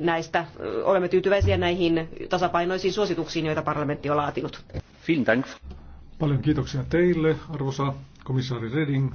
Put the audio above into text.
näistä, olemme tyytyväisiä näihin tasapainoisiin suosituksiin, joita parlamentti on laatinut. Paljon kiitoksia teille, arvoisa komissaari Reding.